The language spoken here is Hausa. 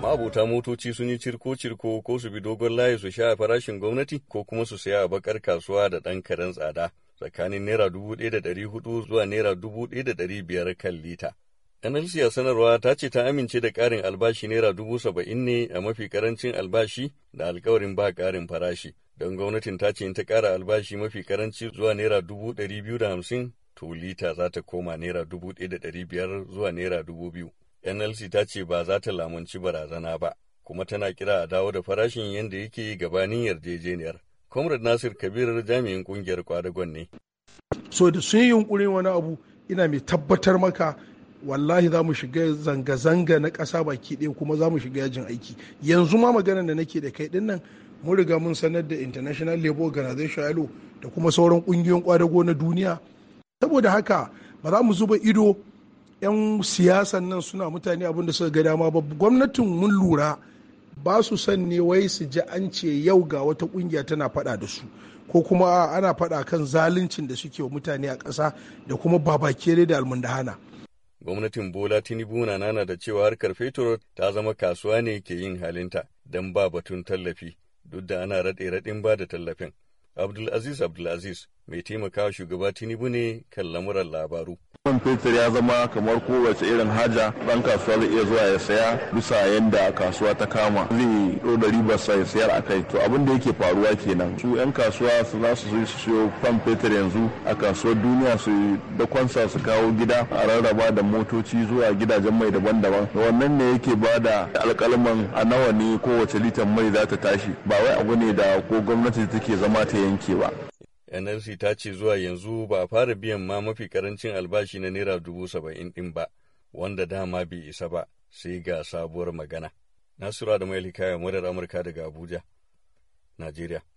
Ma'abuta motoci sun yi cirko-cirko ko su bi dogon layi su sha farashin gwamnati ko kuma su saya a bakar kasuwa da ɗan karen tsada tsakanin naira dubu ɗaya da ɗari hudu zuwa naira dubu ɗaya da ɗari biyar kan lita. NLC a sanarwa ta ce ta amince da ƙarin albashi naira dubu saba'in ne a mafi karancin albashi da alkawarin ba ƙarin farashi. Don gwamnatin ta ce in ta ƙara albashi mafi karanci zuwa naira dubu ɗari biyu da hamsin to lita za ta koma naira dubu ɗaya da ɗari biyar zuwa naira dubu biyu. NLC ta ce ba za ta lamunci barazana ba, kuma tana kira a dawo da farashin yadda yake gabanin yarjejeniyar. Comrade Nasir Kabir jami'in kungiyar kwadagon ne. So da sun yi yunkurin wani abu ina mai tabbatar maka wallahi za mu shiga zanga-zanga na ƙasa baki ɗaya kuma za mu shiga yajin aiki yanzu ma maganar da nake da kai dinnan mun riga mun sanar da international labour organization da kuma sauran ƙungiyoyin kwadago na duniya saboda haka ba za mu zuba ido 'yan siyasan nan suna mutane abin da suka ga dama ba gwamnatin mun lura ba su san ne wai su ji an ce yau ga wata kungiya tana fada da su ko kuma ana fada kan zaluncin da suke wa mutane a ƙasa da kuma babakere da almundahana. gwamnatin bola tinubu na nana da cewa harkar fetur ta zama kasuwa ne ke yin halinta don ba batun tallafi duk da ana raɗe-raɗin ba da tallafin Abdulaziz Abdulaziz mai taimakawa shugaba Tinubu ne kan lamuran labaru. kan fetur ya zama kamar kowace irin haja ɗan kasuwa zai iya zuwa ya saya bisa yadda kasuwa ta kama zai ɗo da ribarsa ya sayar a kai to abin da yake faruwa kenan su 'yan kasuwa su za su su siyo fan fetur yanzu a kasuwar duniya su da kwansa su kawo gida a rarraba da motoci zuwa gidajen mai daban-daban wannan ne yake ba da alƙalman a nawa ne kowace litan mai za ta tashi ba wai abu ne da ko gwamnati take zama ta yanke ba NLC ta ce zuwa yanzu ba a fara biyan ma mafi karancin albashi na Naira dubu saba'in din ba, wanda dama bai isa ba, sai ga sabuwar magana. Nasura da Mailika ya murar Amurka daga Abuja, Najeriya.